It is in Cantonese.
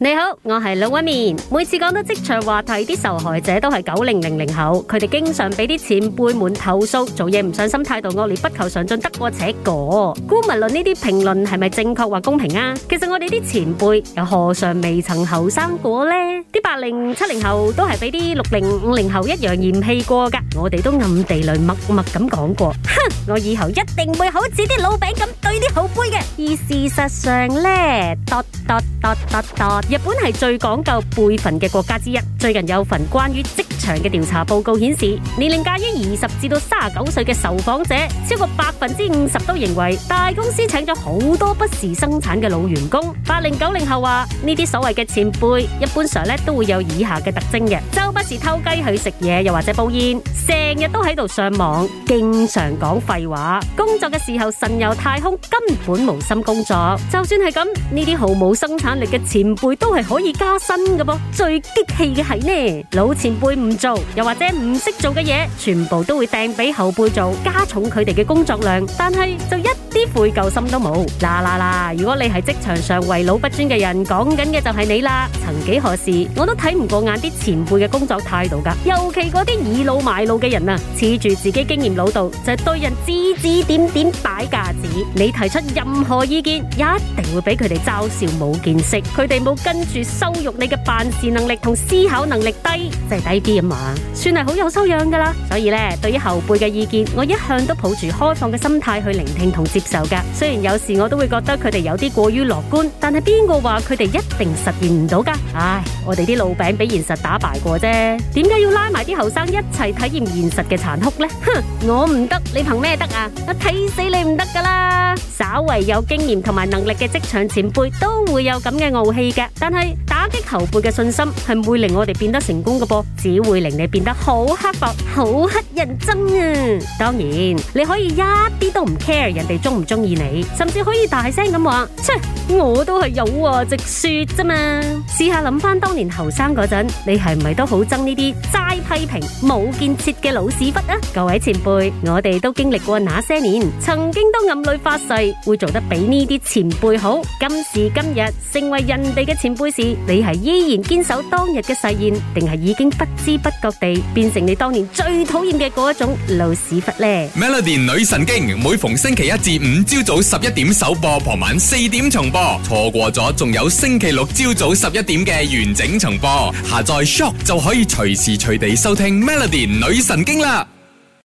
你好，我係龍紋敏。每次講到職場話題，啲受害者都係九零零零後，佢哋經常俾啲前輩們投訴做嘢唔上心、態度惡劣、不求上進、得過且過。姑勿論呢啲評論係咪正確或公平啊？其實我哋啲前輩又何嘗未曾後生過呢？啲八零七零後都係俾啲六零五零後一樣嫌棄過噶，我哋都暗地裏默默咁講過。哼，我以後一定會好似啲老餅咁對啲後輩嘅。而事實上咧，日本係最講究輩份嘅國家之一，最近有份關於職場嘅調查報告顯示，年齡介於二十至到三十九歲嘅受訪者，超過百分之五十都認為大公司請咗好多不事生產嘅老員工。八零九零後話呢啲所謂嘅前輩，一般常咧都會有以下嘅特徵嘅，周不時偷雞去食嘢，又或者煲煙，成日都喺度上網，經常講廢話，工作嘅時候神遊太空，根本無心工作。就算係咁，呢啲毫無生產力嘅前輩都係可以加薪嘅噃。最激氣嘅係呢，老前輩唔做又或者唔識做嘅嘢，全部都會掟俾後輩做，加重佢哋嘅工作量，但係就一啲悔疚心都冇。啦啦啦！如果你係職場上為老不尊嘅人，講緊嘅就係你啦。曾幾何時，我都睇唔過眼啲前輩嘅工作態度噶，尤其嗰啲倚老賣老嘅人啊，恃住自己經驗老道，就係對人指指點點擺架子。你提出任何意見，一定會俾佢哋嘲笑冇見識，佢哋冇跟住羞辱你嘅辦事能力同思考能力低，就係低啲。咁話算係好有修養噶啦，所以咧，對於後輩嘅意見，我一向都抱住開放嘅心態去聆聽同接受噶。雖然有時我都會覺得佢哋有啲過於樂觀，但係邊個話佢哋一定實現唔到噶？唉，我哋啲老餅俾現實打敗過啫，點解要拉埋啲後生一齊體驗現實嘅殘酷呢？哼，我唔得，你憑咩得啊？我睇死你唔得噶啦！稍為有經驗同埋能力嘅職場前輩都會有咁嘅傲氣嘅，但係打擊後輩嘅信心係唔會令我哋變得成功噶噃，只會。會令你變得好刻薄、好乞人憎啊！當然，你可以一啲都唔 care 人哋中唔中意你，甚至可以大聲咁話：切，我都係有、啊、直說啫嘛！試下諗翻當年後生嗰陣，你係唔係都好憎呢啲齋批評冇建設嘅老屎忽啊？各位前輩，我哋都經歷過那些年，曾經都暗裏發誓會做得比呢啲前輩好。今時今日成為人哋嘅前輩時，你係依然堅守當日嘅誓言，定係已經不知？不覺地變成你當年最討厭嘅嗰一種老屎忽呢？Melody 女神經每逢星期一至五朝早十一點首播，傍晚四點重播，錯過咗仲有星期六朝早十一點嘅完整重播。下載 Syok 就可以隨時隨地收聽 Melody 女神經啦。